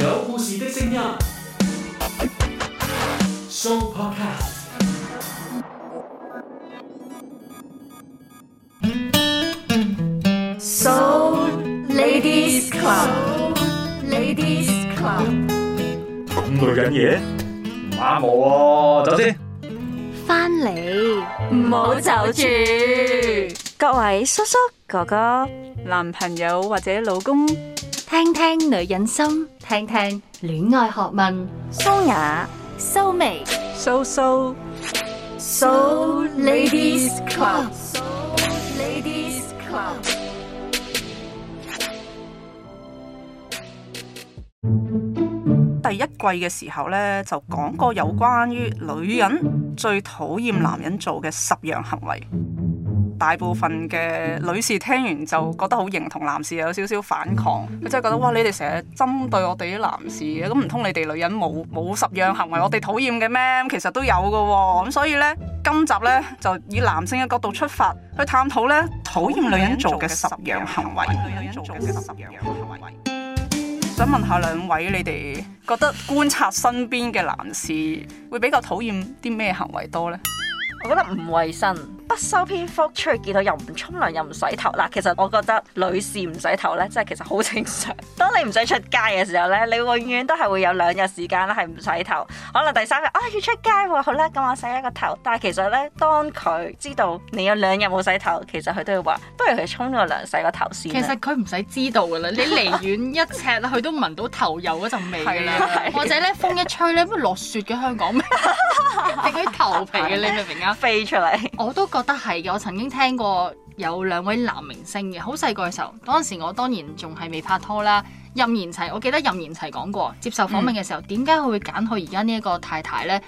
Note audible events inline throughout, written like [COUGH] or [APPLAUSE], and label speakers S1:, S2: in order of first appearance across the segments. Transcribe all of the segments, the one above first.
S1: 有故事
S2: 的聲音，So Podcast，So Ladies
S1: Club，So Ladies Club，講女人嘢，唔啱我喎，走先。
S2: 翻嚟，唔好走住，各位叔叔哥哥、男朋友或者老公。聽
S3: 聽女人心，聽聽戀愛學問。so 雅，so 美
S2: ，so so so ladies club，so
S4: ladies club。
S2: 第一季嘅時候呢，就講過有關於女人最討厭男人做嘅十樣行為。大部分嘅女士聽完就覺得好認同，男士有少少反抗，佢真係覺得哇，你哋成日針對我哋啲男士嘅，咁唔通你哋女人冇冇十樣行為我哋討厭嘅咩？其實都有噶，哦，咁所以呢，今集呢就以男性嘅角度出發去探討呢討厭女人做嘅十樣行為。做十樣行為，想問下兩位，你哋覺得觀察身邊嘅男士會比較討厭啲咩行為多呢？我覺得唔衞生，不修邊幅，出去見
S4: 到又唔沖涼，又唔洗頭。嗱，其實我覺得女士唔洗頭咧，真係其實好正常。當你唔使出街嘅時候咧，你永遠都係會有兩日時間係唔洗頭。可能第三日啊、哦、要出街喎、啊，好啦，咁我洗一個頭。但係其實咧，當佢知道你有兩日冇洗頭，其實佢都要話不如佢沖個涼洗個頭先。其實佢唔使知道㗎啦，你離遠一
S3: 尺佢 [LAUGHS] 都聞到頭有嗰陣味㗎啦。是是是，或者
S4: 咧，風一吹咧，乜落雪嘅香港咩？
S3: 定係啲頭皮嘅，你咪明啊？飛出嚟， [LAUGHS] 我都覺得係嘅。我曾經聽過有兩位男明星嘅，好細個嘅時候，當時我當然仲係未拍拖啦。任賢齊，我記得任賢齊講過接受訪問嘅時候，點解佢會揀佢而家呢一個太太呢？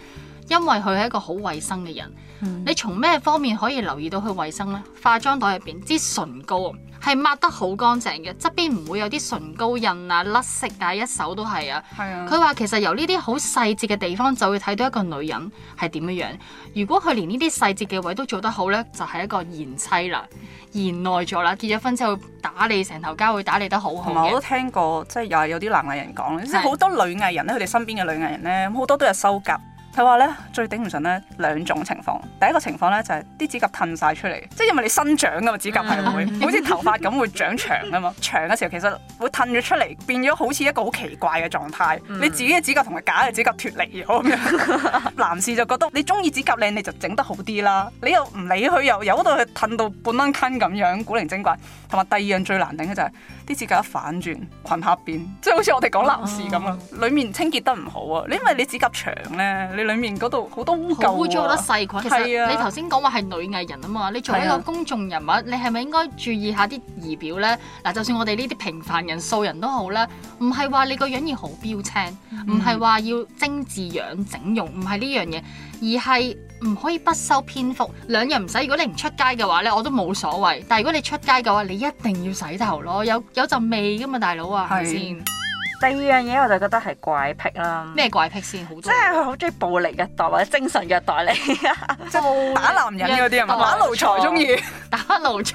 S3: 因為佢係一個好衞生嘅人。嗯、你從咩方面可以留意到佢衞生呢？化妝袋入邊支唇膏。係抹得好乾淨嘅，側邊唔會有啲唇膏印啊、甩色啊，一手都係啊。係啊。佢話其實由呢啲好細節嘅地方就會睇到一個女人係點樣樣。如果佢連呢啲細節嘅位都做得好咧，就係一個賢妻啦，賢內助啦。結咗婚之後打理成頭家會
S2: 打理得好好。我都聽過，即係又係有啲男藝人講咧，即係好多女藝人咧，佢哋身邊嘅女藝人咧，好多都有修甲。佢話咧，最頂唔順咧兩種情況，第一個情況咧就係、是、啲指甲褪晒出嚟，即係因為你生長噶嘛，指甲係唔會 [LAUGHS] 好似頭髮咁會長長噶嘛，長嘅時候其實會褪咗出嚟，變咗好似一個好奇怪嘅狀態。嗯、你自己嘅指甲同埋假嘅指甲脫離咗咁樣， [LAUGHS] 男士就覺得你中意指甲靚你就整得好啲啦，你又唔理佢，又由到佢褪到半崩坑咁樣古靈精怪，同埋第二樣最難頂嘅就係、是。啲指甲反轉，裙下邊，即係好似我哋講男士咁啊，嗯、裏面清潔得唔好啊，你因為你指甲長咧，你裏面嗰度好多污垢，污糟好多細菌。係啊，其實你頭先
S3: 講話係女藝人啊嘛，你做為一個公眾人物，你係咪應該注意下啲儀表咧？嗱、啊，就算我哋呢啲平凡人、素人都好咧，唔係話你個樣要好標青，唔係話要精緻樣、整容，唔係呢樣嘢，而係。唔可以不修邊幅，兩日唔洗，如果你唔出街嘅話咧，我都冇所謂。但係如果你出街嘅話，你一定要洗頭咯，有有陣味噶嘛，大佬啊，係咪先
S4: 是。第二樣嘢我就覺得係怪癖啦，咩怪癖先？好即係佢好中意暴力虐待或者精神虐待你，
S2: 即係打男人嗰啲係嘛？打奴才中意，
S4: 打
S3: 奴才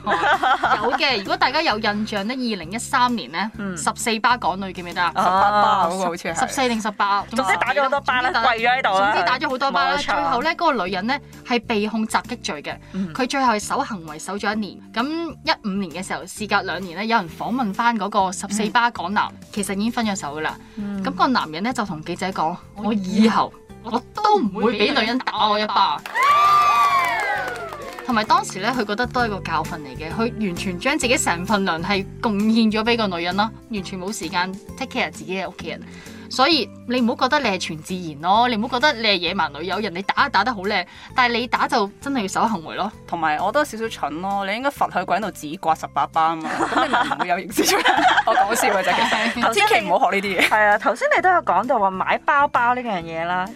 S3: 有嘅。如果大家有印象呢，二零一三年呢，十四巴港女記唔記得啊？十八巴，好似十四定十八啊？總之打咗好多巴啦，跪咗喺度啦。總之打咗好多巴啦，最後呢，嗰個女人呢，係被控襲擊罪嘅，佢最後係守行為守咗一年。咁一五年嘅時候，事隔兩年呢，有人訪問翻嗰個十四巴港男，其實已經分咗。走啦！咁、嗯、個男人咧就同記者講，我以後我都唔會俾女人打我一巴。同埋 [LAUGHS] 當時咧，佢覺得都係一個教訓嚟嘅，佢完全將自己成份量係貢獻咗俾個女人囉，完全冇時間 take care 自己嘅屋企人。所以你唔好覺得你係全自然咯、哦，你唔好覺得你係野蠻
S2: 女友，人哋打打得好叻，但係你打就真係要守行為咯。同埋我覺得少少蠢咯、哦，你應該罰佢喺度自己刮十八班啊嘛。咁 [LAUGHS] 你唔會有認知錯。 [LAUGHS] [LAUGHS] 我講笑嘅啫，千祈唔好學呢啲嘢。係 [LAUGHS] [LAUGHS] 啊，
S4: 頭先你都有講到話買包包呢樣嘢啦。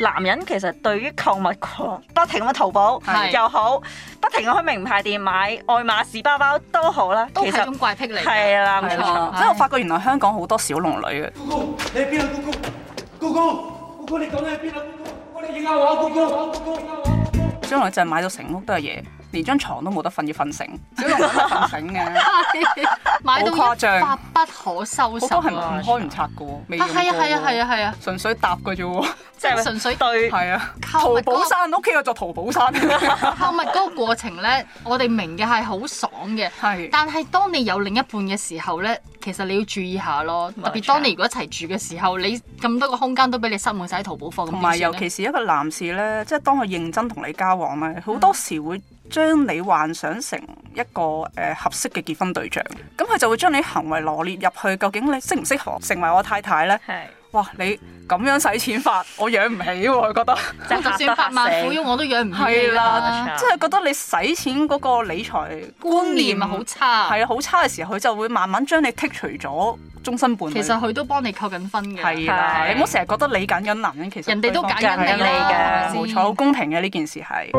S4: 男人其實對於購物狂，不停咁去淘寶又好，不停咁去名牌店買愛馬仕包包都好啦，都係種怪癖嚟。係啦，冇錯。即係我
S2: 發覺原來香港好多小龍女嘅。
S1: 哥哥，你喺邊啊？哥哥，哥哥，哥哥你講你喺邊啊？哥哥，我哋應下我哥哥，哥哥，應下
S2: 話。小龍女就係買到成屋都係嘢，連張床都冇得瞓，要瞓繩。小龍女冇
S3: 瞓繩嘅，買到。好誇張，發不可收拾。都好係唔
S2: 開唔拆嘅，未開嘅。係啊係啊係啊係啊，純粹搭嘅啫。即係純粹堆，係啊！淘寶山，屋企有座淘寶山。
S3: 購物嗰個過程咧， [LAUGHS] 我哋明嘅係好爽嘅，係是。但係當你有另一半嘅時候咧，其實你要注意下咯。特別當你如果一齊住嘅時候，你咁多個空間都俾你塞滿晒淘寶貨。同埋，尤其是
S2: 一個男士咧，即係當佢認真同你交往咧，好多時會將你幻想成一個誒、呃、合適嘅結婚對象。咁佢就會將你行為羅列入去，究竟你適唔適合成為我太太咧？係。哇！你咁樣使錢法，我養唔起喎，佢覺得。就算百萬富翁，我都養唔起。係啦，即係覺得你使錢嗰個理財觀念啊，好差。係啊，好差嘅時候，佢就會慢慢將你剔除咗終身伴侶。其實佢都幫你扣緊分嘅。係啦，你唔好成日覺得你揀緊男人，其實人哋都揀緊你嘅。冇錯，好公平嘅呢件事係。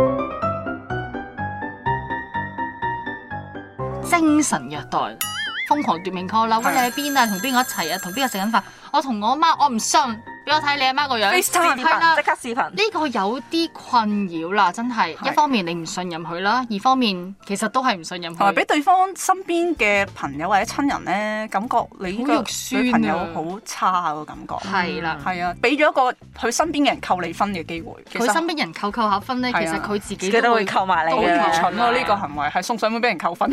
S3: 精神虐待。瘋狂奪命 call 啦！喂，你喺邊啊？同邊個一齊啊？同邊個食緊飯？我同我媽，我唔信。俾我睇你阿媽個樣，即刻視頻。呢個有啲困擾啦，真係。一方面你唔信任佢啦，二方面其實都係唔信任佢。同埋俾
S2: 對方身邊嘅朋友或者親人咧，感覺你呢個對朋友好差個感覺。係啦。係啊，俾咗一個佢身邊嘅人扣你分嘅機會。佢身邊人扣扣下分咧，其實佢自己都會扣埋你。好愚蠢咯！呢個行為係送上門俾人扣分。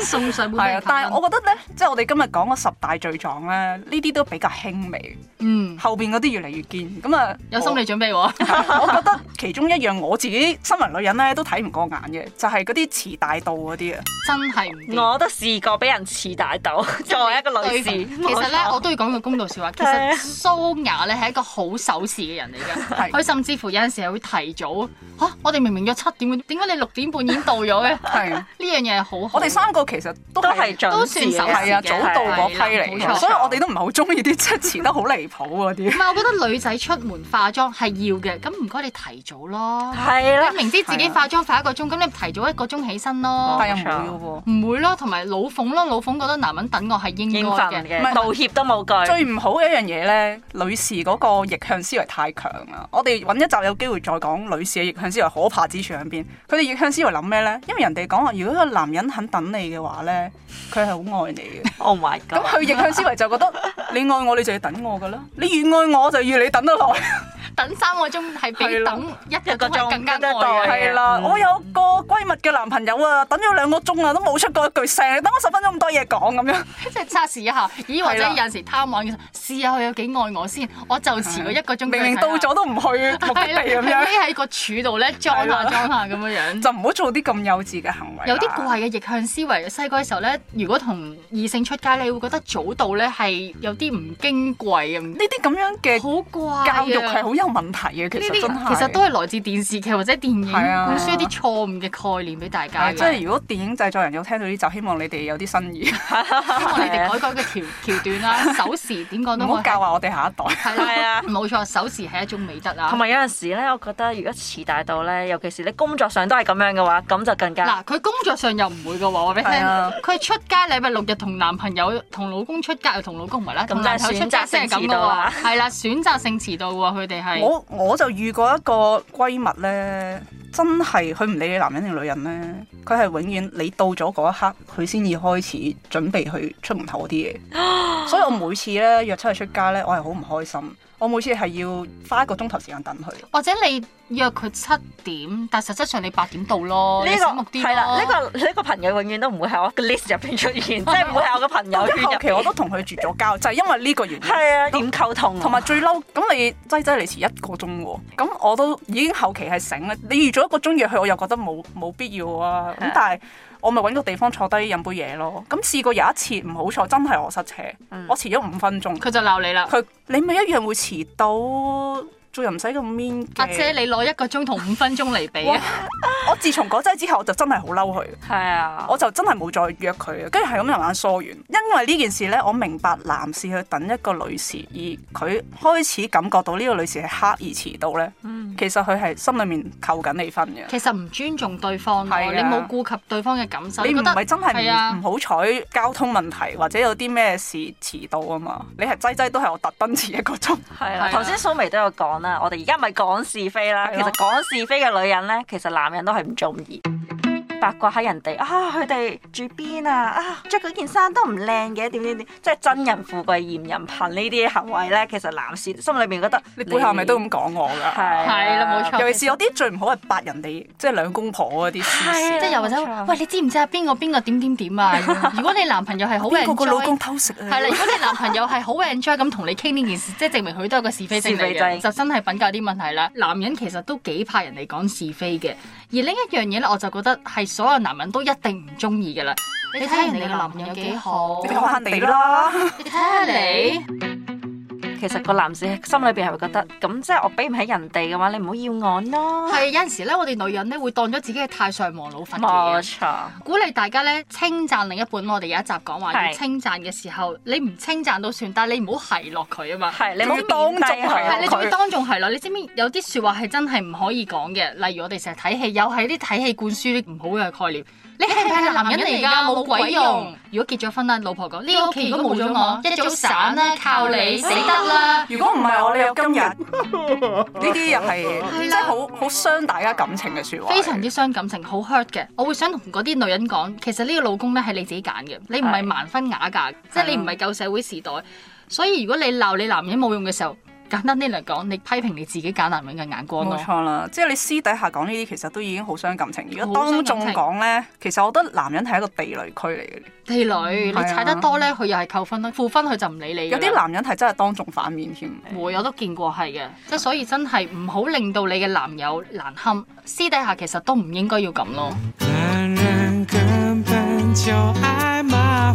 S2: 送上門。係啊，但係我覺得咧，即係我哋今日講嗰十大罪狀咧，呢啲都比較輕微。嗯。後邊嗰越嚟越堅，咁啊有心理準備喎。我覺得其中一樣我自己身為女人咧都睇唔過眼嘅，就係嗰啲遲大到嗰啲啊，真係唔。我都試過俾人遲大到，作為一個女士。其實咧，我
S3: 都要講句公道笑話。其實蘇雅咧係一個好守時嘅人嚟嘅，佢甚至乎有陣時係會提早嚇。我哋明明約七點，點解你六點半已經到咗咧？係呢樣嘢係
S2: 好。我哋三個其實都係都算守時早到嗰批嚟，所以我哋都唔係好中意啲即係遲得好離譜嗰啲。
S3: 覺得女仔出門化妝係要嘅，咁唔該你提早咯。係啦的，你明知自己化妝快一個鐘，咁的你提早一個鐘起身咯。係唔會喎、啊，唔會啦。同埋老馮啦，老馮覺得男人等我係應該嘅，應是道歉
S2: 都冇句。最唔好嘅一樣嘢呢，女士嗰個逆向思維太強啦。我哋揾一集有機會再講女士嘅逆向思維可怕之處喺邊？佢哋逆向思維諗咩呢？因為人哋講話，如果個男人肯等你嘅話呢，佢係好愛你嘅。Oh my god！咁佢逆向思維就覺得 [LAUGHS] 你愛我，你就要等我㗎啦。你越愛我。我就要你等得耐，
S3: 等三個鐘係比等一日個鐘更加多啊！係啦，我有
S2: 個閨蜜嘅男朋友啊，等咗兩個鐘啊，都冇出過一句聲，等我十分鐘咁多嘢講咁樣，
S3: 即係測試一下，咦或者有時貪玩嘅，試下佢有幾愛我先，我就遲佢一個鐘，明明到咗都唔去目的地咁樣。匿喺
S2: 個柱度咧，裝下裝下咁樣樣，就唔好做啲咁幼稚嘅行為。有啲怪嘅
S3: 逆向思維，細個嘅時候咧，如果同異性出街咧，你會覺得早到咧係有啲唔矜貴咁。呢啲咁樣嘅。好
S1: 怪教育係好
S3: 有問題嘅，其實其實
S1: 都
S2: 係來自電視劇或者電影灌輸一啲錯誤嘅概念俾大家。即係如果電影製作人有聽到呢集，希望你哋有啲新意，希望你哋改改個橋橋段啦，守時點講都好，唔好教話我哋下一代。係
S3: 啊，冇錯，守時係一種美德啊。同埋
S2: 有陣時咧，我
S4: 覺得如果遲大到咧，尤其是你工作上都係咁樣嘅話，咁就更加。嗱，佢工作上又唔
S3: 會嘅話，我俾你聽。佢出街禮拜六日同男朋友、同老公出街，又同老公唔係啦。咁，但係選擇性遲到啦。係啦。選擇性遲到喎、啊，佢哋係我，
S2: 我就遇過一個閨蜜呢，真係佢唔理你男人定女人呢。佢係永遠你到咗嗰一刻，佢先至開始準備去出門口嗰啲嘢， [LAUGHS] 所以我每次咧約出去出街呢，我係好唔開心。我每次係要花一個鐘頭時間等佢，或者你
S3: 約佢七點，但實質上你八點到咯，呢個、醒目啲咯。係啦，呢、呢個
S4: 呢、呢個朋友
S2: 永遠都唔會喺我 list 入邊出現，即係唔會
S4: 喺我嘅朋友圈入邊。 [LAUGHS] 後期我都同佢絕咗
S2: 交，就係、是、因為呢個原因。係的都啊，點溝通？同埋最嬲咁你擠擠嚟遲一個鐘喎，咁我都已經後期係醒啦。你預咗一個鐘約佢，我又覺得冇冇必要啊。咁的但係。我咪揾個地方坐低飲杯嘢咯，咁試過有一次唔好彩，真係我塞車，嗯，我遲咗五分鐘，佢就鬧你啦。佢，你咪一樣會遲到。做又唔使咁 man，阿姐，你攞一個鐘同五分鐘嚟比啊！我自從嗰陣之後，我就真係好嬲佢。係啊，我就真係冇再約佢，跟住係咁樣慢慢疏遠。因為呢件事咧，我明白男士去等一個女士，而佢開始感覺到呢個女士係刻意遲到咧，其實佢係心裡面扣緊你分嘅。其實唔尊重對方，你冇顧
S3: 及對方嘅感受。你覺得，你唔係真係唔
S2: 好彩交通問題，或者有啲咩事遲到啊嘛？你係擠擠都係我特登遲一個鐘。係啊，頭先蘇眉都有講。我哋而家咪講是非啦，
S4: 是的 其實講是非嘅女人呢，其實男人都係唔鍾意。八卦喺人哋啊，佢哋住邊啊，啊着佢件衫都唔靚嘅，點點點，即係真人富貴嫌人貧呢啲行為咧，其實男士心裏面覺得你背後咪都咁講我㗎，係係啦，冇錯、
S3: 啊。尤其是有
S2: 啲最唔好係白人哋，即係兩公婆嗰啲，啊、即係又或者
S3: 喂，你知唔知啊？邊 [LAUGHS] [LAUGHS] 個邊個點點點啊？如果你男朋友係好 enjoy 個老公偷食啊？係啦，如果你男朋友係好 enjoy 咁同你傾呢件事，即係證明佢都有個是非心，就真係品格啲問題咧。男人其實都幾怕人哋講是非嘅，而另一樣嘢咧，我就覺得係。所有男人都一定唔
S4: 中意嘅啦，
S3: 你睇下你嘅男人有幾好，你睇下你啦，你
S1: 睇下你。 [LAUGHS] 你
S4: 其實個男士心裏邊係會覺得，咁即係我俾唔起人哋嘅話，你唔好要，要我咯。係有陣時咧，我哋女人咧會當咗自己嘅太上皇老佛爺。冇錯，鼓勵大
S3: 家咧稱讚另一半。我哋有一集講話要稱讚嘅時候，是你唔稱讚都算，但係你唔好奚
S4: 落佢啊嘛。係，你唔好當眾奚落佢。你唔好當
S3: 眾奚落。你知唔知有啲説話係真係唔可以講嘅？例如我哋成日睇戲，有喺啲睇戲灌輸啲唔好嘅概念。你係唔係男人嚟噶？冇鬼用！如果結咗婚啦，老婆講，呢個屋企如果冇咗我，一早散啦，靠你死得啦！如果唔係我，你有
S2: 今日？呢啲又係即係好好傷大家感情嘅說話，非
S3: 常之傷感情，好 hurt 嘅。我會想同嗰啲女人講，其實呢個老公咧係你自己揀嘅，你唔係盲婚啞嫁，即係的你唔係舊社會時代，所
S2: 以如果你鬧你男人冇用嘅時候。簡單啲嚟講，你批評你自己揀男人嘅眼光咯。冇錯啦，即係你私底下講呢啲，其實都已經好傷感情。如果當眾講呢，其實我覺得男人係一個地雷區嚟嘅。地雷，嗯，你踩得多呢，佢又係扣分啦，負分佢就唔理你。有啲男人係真係當眾反面添。
S3: 會，有都見過係嘅，即係所以真係
S2: 唔好令到你嘅
S3: 男友難堪。私底下其實都唔應該要咁咯。男人
S1: 根本就愛麻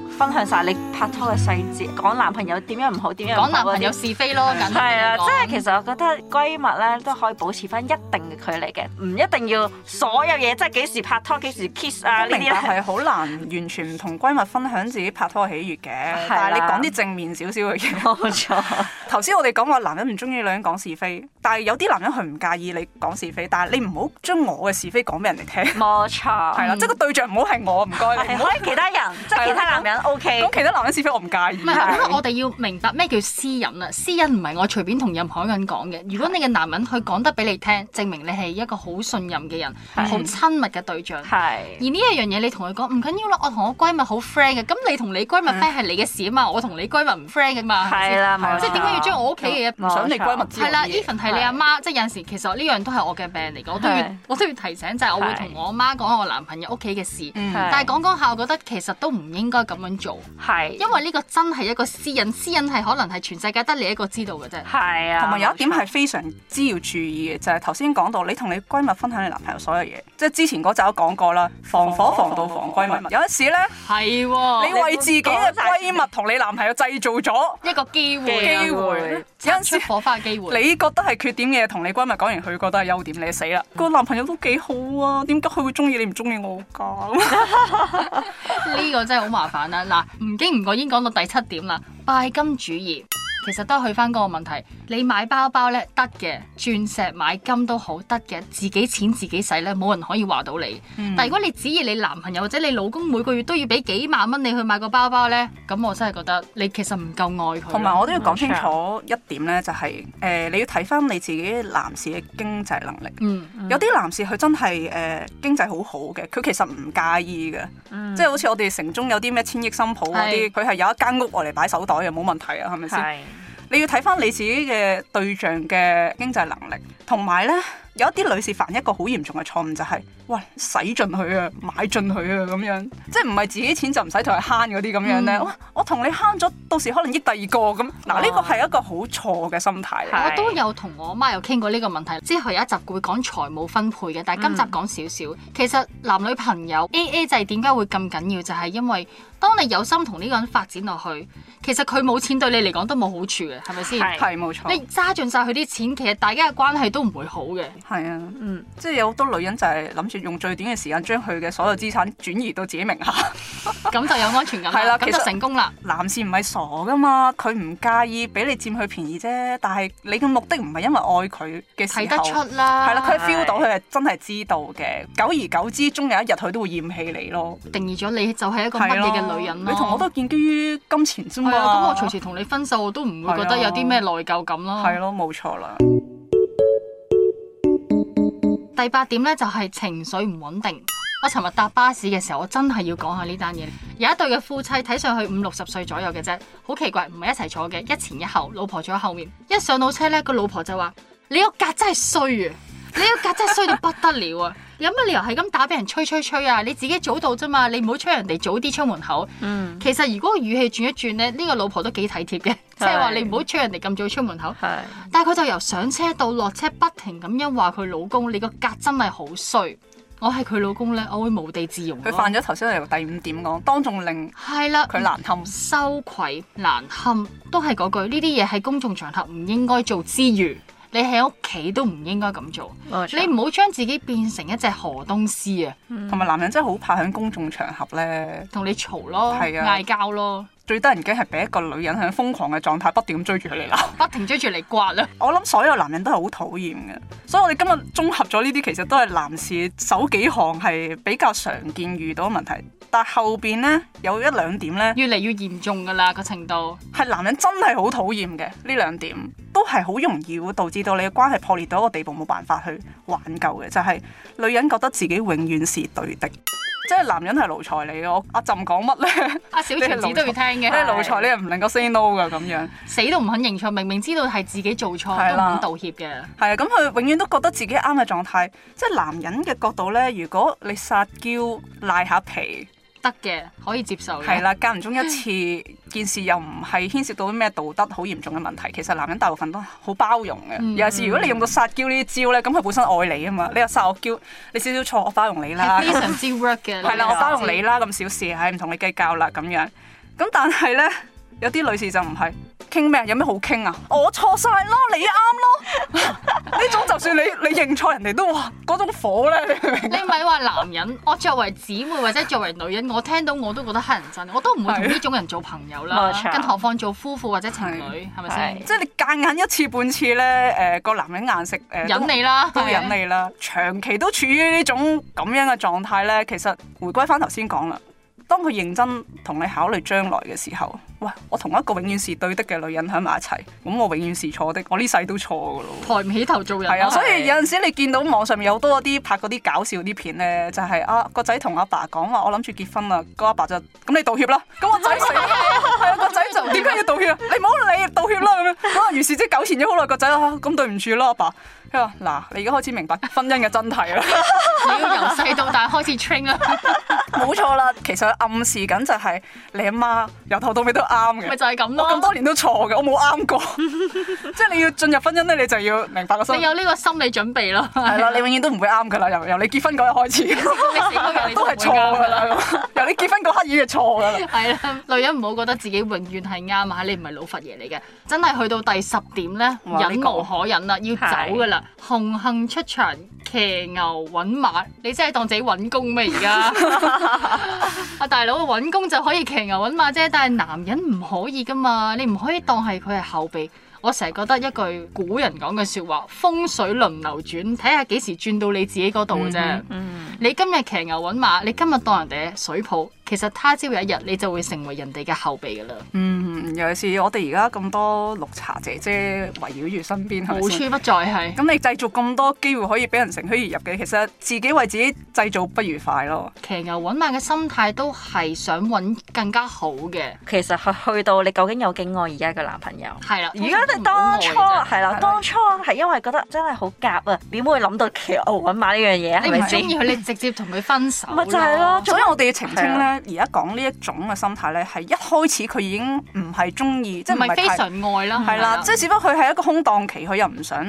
S4: 分享晒你拍拖嘅細節，講男朋友點樣唔好，點樣講男朋友是非咯？係啊，即係其實我覺得閨蜜咧都可以保持返一定嘅距離嘅，唔一定要所有嘢即係幾時拍拖幾時 kiss 啊呢啲咧。係
S2: 好難完全唔同閨蜜分享自己拍拖嘅喜悅嘅，但係你講啲正面少少嘅嘢。冇錯。頭先我哋講話男人唔中意女人講是非，但係有啲男人佢唔介意你講是非，但係你唔好將我嘅是非講俾人哋聽。冇錯。係啦，即係個對象唔好係我，唔該。係可以其他人，即係其他男人。O K，咁其他男人是非我唔
S3: 介意。唔係，因為我哋要明白咩叫私隱啦。私隱唔係我隨便同任何人講嘅。如果你嘅男人去講得俾你聽，證明你係一個好信任嘅人，好親密嘅對象。而呢一樣嘢你同佢講唔緊要咯，我同我閨蜜好 friend 嘅。咁你同你閨蜜 friend 係你嘅事啊嘛，我同你閨蜜唔 friend 嘅嘛。係啦，即係點解要將我屋企嘅嘢？唔想你閨蜜知。係啦，Even 係你阿媽，即係有陣時其實呢樣都係我嘅病嚟講，我都要我都要提醒就係我會同我阿媽講我男朋友屋企嘅事，但係講講下，我覺得其實都唔應該咁樣。做係，啊、因為呢個真係一個私隱，私隱係可能係全世界得你一個知道嘅啫。係啊，同埋有一點係
S2: 非常之要注意嘅，就係頭先講到你同你閨蜜分享你男朋友所有嘢，即係之前嗰集都講過啦，防火防盜防閨蜜。防防閨密啊、有陣時咧，係、啊、你為自己嘅閨蜜同你男朋友製造咗
S3: 一個機會，機會，會有
S2: 陣火花嘅機會。你覺得係缺點嘅同你閨蜜講完，佢覺得係優點，你死啦！個、嗯、男朋友都幾好啊，點解佢會中意你唔中意我
S3: 噶？呢個真係好麻煩啦、啊。嗱，唔經唔覺已經講到第七點啦，拜金主義。其實都係去翻嗰個問題，你買包包咧得嘅，鑽石買金都好得嘅，自己錢自己使咧，冇人可以話到你。嗯、但係如果你指意你男朋友或者你老公每個月都要俾幾萬蚊你去買個包包咧，咁我真係覺得
S2: 你其實唔夠愛佢。同埋我都要講清楚一點咧，就是，就係誒你要睇翻你自己男士嘅經濟能力。嗯、有啲男士佢真係誒、呃、經濟好好嘅，佢其實唔介意嘅，嗯、即係好似我哋城中有啲咩千億新抱嗰啲，佢係是有一間屋我嚟擺手袋又冇問題啊，係咪先？你要睇翻你自己嘅對象嘅經濟能力，同埋呢。有一啲女士犯一個好嚴重嘅錯誤，就係，就係，喂，使盡佢啊，買盡佢啊，咁樣，即係唔係自己錢就唔使同佢慳嗰啲咁樣咧、嗯？我同你慳咗，到時可能益第二個咁。嗱，呢個係一個好錯嘅心態。是我都
S3: 有同我媽有傾過呢個問題，之後有一集會講財務分配嘅，但係今集講少少。嗯、其實男女朋友 A A 制點解會咁緊要？就係、是、因為當你有心同呢個人發展落去，
S2: 其實佢冇錢對你嚟講都冇好處嘅，係咪先？係冇是錯。你揸盡晒
S3: 佢啲錢，其實大
S2: 家嘅關係都唔會好嘅。係啊，嗯，即係有好多女人就係諗住用最短嘅時間將佢嘅所有資產轉移到自己名下，咁就有安全感，咁、啊、就成功啦。男士唔係傻噶嘛，佢唔介意俾你佔佢便宜啫，但係你嘅目的唔係因為愛佢嘅，睇得出啦，係啦、啊，佢 feel 到佢係真係知道嘅。啊、久而久之，終有一日佢都會厭棄你咯。定義咗你就係一個乜嘢嘅女人、啊、你同我都建基於金錢之嘛，咁、啊、我隨時同你分手，我都唔會覺得有啲咩內疚感咯。係咯，冇錯啦。
S3: 第八點咧就係情緒唔穩定。我尋日搭巴士嘅時候，我真係要講下呢單嘢。有一對嘅夫妻睇上去五六十歲左右嘅啫，好奇怪，唔係一齊坐嘅，一前一後，老婆坐喺後面。一上到車咧，個老婆就話：你個格真係衰啊！ [LAUGHS] 你個格真係衰到不得了啊！有乜理由係咁打俾人吹吹吹啊？你自己早到啫嘛，你唔好催人哋早啲出門口。嗯、其實如果語氣轉一轉咧，呢、呢個老婆都幾體貼嘅，即係話你唔好催人哋咁早出門口。嗯、但係佢就由上車到落車不停咁樣話佢老公，你個格真係好衰。我係佢老公咧，我會無地自容。佢犯咗頭先第五點講，當眾令係啦，佢、嗯、難堪、羞愧、難堪都係嗰句，呢啲嘢喺公眾場合唔應該做之餘，你喺屋企都唔應該咁做，錯你唔好將自己變成一隻河東獅啊！同埋男
S2: 人真係好怕響公眾場合咧，同你吵咯，嗌交的咯。最得人驚係俾一個女人喺瘋狂嘅狀態，不斷咁追住佢嚟，鬧，不停追住嚟刮啦。 [LAUGHS] 我諗所有男人都係好討厭嘅，所以我哋今日綜合咗呢啲，其實都係男士首幾項係比較常見遇到嘅問題。但後邊呢，有一兩點呢，越嚟越嚴重噶啦個程度，係男人真係好討厭嘅呢兩點，都係好容易會導致到你嘅關係破裂到一個地步，冇辦法去挽救嘅，就係、是、女人覺得自己永遠是對的。即係男人係奴才嚟，我、啊、阿朕講乜咧？阿、啊、小女子都要 [LAUGHS] 聽嘅。即係 [LAUGHS] 奴才， [LAUGHS] 你唔能夠 say no 噶咁樣，死都唔肯認錯，明明知道係自己做錯，啦都唔肯道歉嘅。係啊，咁佢永遠都覺得自己啱嘅狀態。即係男人嘅角度咧，如果你撒嬌賴下皮。得嘅可，可以接受，係啦間唔中一次，件事又唔係牽涉到咩道德好嚴重嘅問題，其實男人大部分都好包容嘅。尤其是、嗯、如果你用到撒嬌呢啲招咧，咁佢本身愛你啊嘛，你又撒我嬌，你少少錯我包容你啦，非常之 work 嘅。係啦，我包容你啦，咁 [LAUGHS] [LAUGHS] 小事係唔同你計較啦咁樣。咁但係咧。有啲女士就唔係傾咩，有咩好傾啊、哦？我錯晒咯，你啱咯。呢 [LAUGHS] 種就算你你認錯人哋都話嗰種火咧，你咪話男人。我
S3: 作為姊妹或者作為女人，我聽到我都覺得乞人憎，我都唔會同呢種人做朋友啦。更何況做夫婦或者情侶，係咪
S2: 先？即係你隔硬一次半次呢，誒、呃、個男人顏色誒、呃、忍你啦，都忍你啦。的長期都處於呢種咁樣嘅狀態呢。其實回歸翻頭先講啦。當佢認真同你考慮將來嘅時候，喂，我同一個永遠是對的嘅女人喺埋一齊，咁我永遠是錯的，我呢世都錯噶咯，抬唔起頭做人。係啊， [MUSIC] 所以有陣時你見到網上面有好多啲拍嗰啲搞笑啲片咧，就係、是、啊，啊個仔同阿爸講話，我諗住結婚啦，個阿爸就咁你道歉啦，咁個仔死啦，係啊個仔就點解要道歉啊？你唔好理道歉啦咁樣，咁啊於是之糾纏咗好耐個仔啦，咁、啊、對唔住啦阿爸。嗱，你而家開始明白婚姻嘅真諦啦！你要由細到大開始 train 啦，冇錯啦。其實暗示緊就係你阿媽由頭到尾都啱嘅。咪就係咁咯，咁多年都錯嘅，我冇啱過。即係你要進入婚姻咧，你就要明白個心。你有呢個心理準備啦，係啦，你永遠都唔會啱噶啦，由由你結婚嗰日開始，都係錯噶啦。由你結婚嗰刻已經係錯噶啦。係
S3: 啦，女人唔好覺得
S2: 自己永遠
S3: 係啱啊！你唔係老佛爺嚟嘅，真係去到第十點咧，忍無可忍啦，要走噶啦。紅杏出牆，騎牛揾馬，你真係當自己揾工咩？而 [LAUGHS] 家， [LAUGHS] 阿大佬揾工就可以騎牛揾馬啫，但係男人唔可以噶嘛，你唔可以當係佢係後備。我成日覺得一句古人講嘅說話，風水輪流轉，睇下幾時轉到你自己嗰度啫。嗯嗯、你今日騎牛揾馬，你今日當人哋水泡。其實他朝有一日，你就會成為人哋嘅後備㗎啦。嗯，
S2: 尤其是我哋而家咁多綠茶姐姐圍繞住身邊，無處不在係。咁你製造咁多機會可以俾人乘虛而入嘅，其實自己為自己製造不愉快咯。
S4: 騎牛揾馬嘅心態都係想揾更加好嘅。
S2: 其實去去到
S4: 你究竟有幾愛而家嘅男朋友？係啦，而家你當初係啦，當初係因為覺得真係好夾啊，點會諗到騎牛揾馬呢樣嘢？你唔中意佢，你直接同佢分手。咪
S2: 就係咯，所以我哋要澄清咧。而家講呢一種嘅心態呢，係一開始佢已經唔係鍾意，即係唔係非常
S3: 愛啦，係啦，啦即係
S2: 只不過佢係一個空檔期，佢又唔想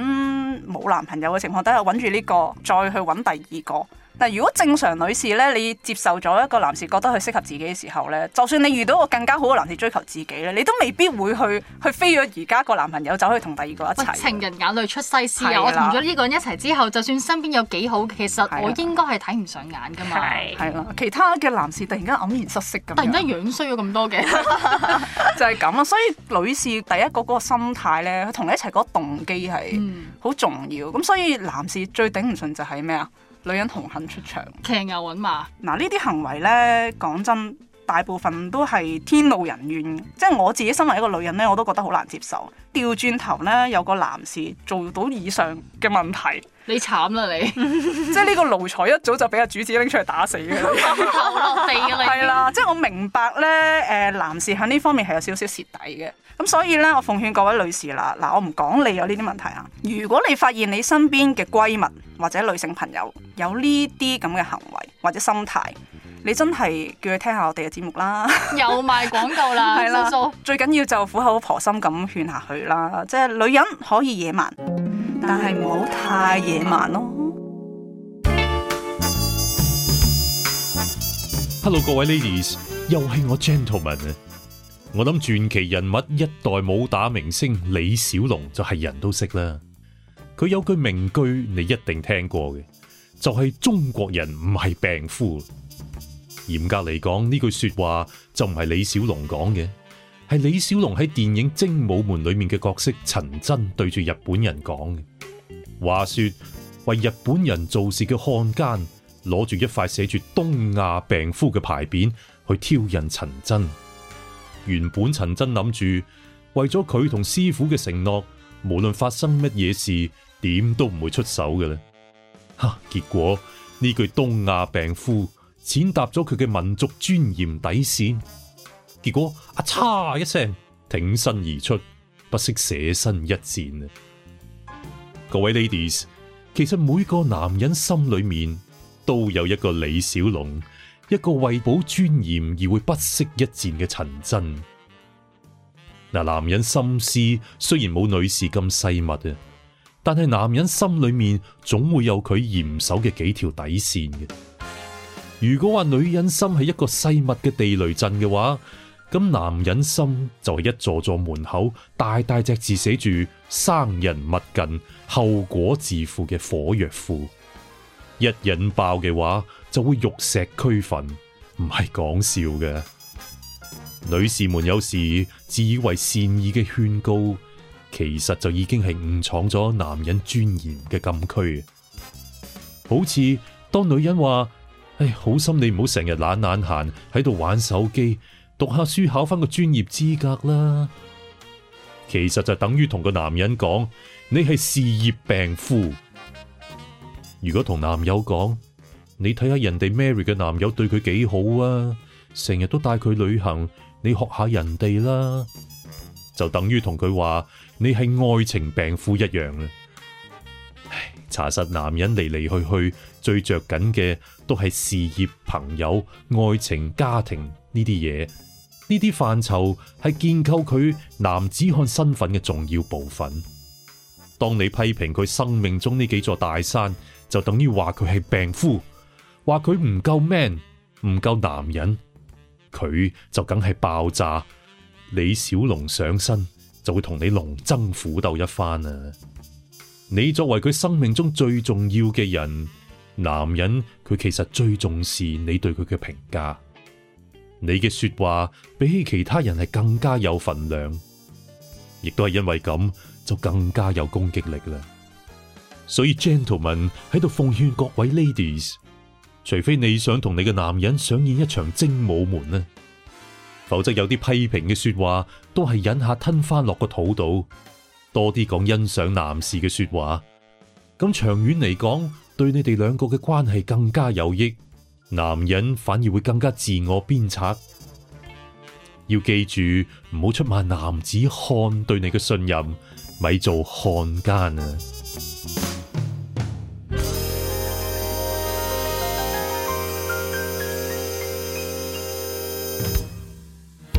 S2: 冇男朋友嘅情況底下，揾住呢個再去揾第二個。嗱，如果正常女士咧，你接受咗一個男士覺得佢適合自己嘅時候咧，就算你遇到個更加好嘅男士追求自己咧，你都未必會去去飛咗而家個男朋友走去同第二個一齊。情人眼裏出西施啊！啊，我同咗呢
S3: 個人一齊之後，就算身邊有幾好，其實我應該係睇唔上眼噶嘛。係、啊啊
S2: 啊、其他嘅男士突然間黯然失色咁，突然間樣衰咗咁多嘅， [LAUGHS] [LAUGHS] 就係咁啦。所以女士第一個嗰個心態咧，佢同你一齊嗰動機係好重要。咁、嗯、所以男士最頂唔順就係咩啊？女人同肯出場騎牛揾馬，嗱呢啲行為咧，講真，大部分都係天怒人怨。即係我自己身為一個女人咧，我都覺得好難接受。掉轉頭咧，有個男士做到以上嘅問題，你慘啦你！ [LAUGHS] 即係呢個奴才一早就俾個主子拎出嚟打死嘅，死 [LAUGHS] 係啦。即係我明白呢，誒男士喺呢方面係有少少蝕底嘅。咁所以咧，我奉勸各位女士啦，嗱，我唔講你有呢啲問題啊。如果你發現你身邊嘅閨蜜或者女性朋友有呢啲咁嘅行為或者心態，你真係叫佢聽下我哋嘅節目啦。又賣
S3: 廣告啦，係啦 [LAUGHS] [LAUGHS] 了，
S2: 最緊要就苦口婆心咁勸下佢啦。即係女人可以野蠻，但係唔好太野蠻咯。
S1: [MUSIC] Hello，各位 ladies，又係我 gentleman 我諗傳奇人物一代武打明星李小龍就係人都識啦，佢有句名句你一定聽過嘅，就係中國人唔係病夫。嚴格嚟講呢句說話就唔係李小龍講嘅，係李小龍喺電影《精武門》裏面嘅角色陳真對住日本人講嘅。話說為日本人做事嘅漢奸攞住一塊寫住東亞病夫嘅牌匾去挑釁陳真。原本陳真諗住為咗佢同師傅嘅承諾，無論發生乜嘢事，點都唔會出手嘅呢吓，結果呢句東亞病夫，踐踏咗佢嘅民族尊嚴底線。結果啊，差一聲，挺身而出，不惜捨身一戰啊！各位 ladies，其實每個男人心裏面都有一個李小龍。一個為保尊嚴而會不惜一戰嘅陳真。嗱，男人心思雖然冇女士咁細密啊，但係男人心裏面總會有佢嚴守嘅幾條底線嘅。如果話女人心係一個細密嘅地雷陣嘅話，咁男人心就係一座座門口，大大隻字寫住“生人勿近，後果自負”嘅火藥庫。一引爆嘅話，就會玉石俱焚，唔係講笑嘅。女士們有時自以為善意嘅勸告，其實就已經係誤闖咗男人尊嚴嘅禁區。好似當女人話：唉，好心你唔好成日懶懶閒喺度玩手機，讀下書考翻個專業資格啦。其實就等於同個男人講，你係事業病夫。如果同男友講，你睇下人哋 Mary 嘅男友對佢幾好啊，成日都帶佢旅行。你學下人哋啦，就等於同佢話你係愛情病夫一樣啦，啊。查實男人嚟嚟去去最着緊嘅都係事業、朋友、愛情、家庭呢啲嘢，呢啲範疇係建構佢男子漢身份嘅重要部分。當你批評佢生命中呢幾座大山，就等於話佢係病夫。話佢唔夠 man，唔夠男人，佢就梗係爆炸。李小龍上身就會同你龍爭虎鬥一番啊！你作為佢生命中最重要嘅人，男人，佢其實最重視你對佢嘅評價，你嘅說話比起其他人係更加有份量，亦都係因為咁就更加有攻擊力啦。所以 gentlemen 喺度奉勸各位 ladies。除非你想同你嘅男人上演一場精武門呢、啊，否則有啲批評嘅說話都係忍下吞翻落個肚度，多啲講欣賞男士嘅說話，咁長遠嚟講對你哋兩個嘅關係更加有益，男人反而會更加自我鞭策。要記住唔好出賣男子漢對你嘅信任，咪做漢奸啊！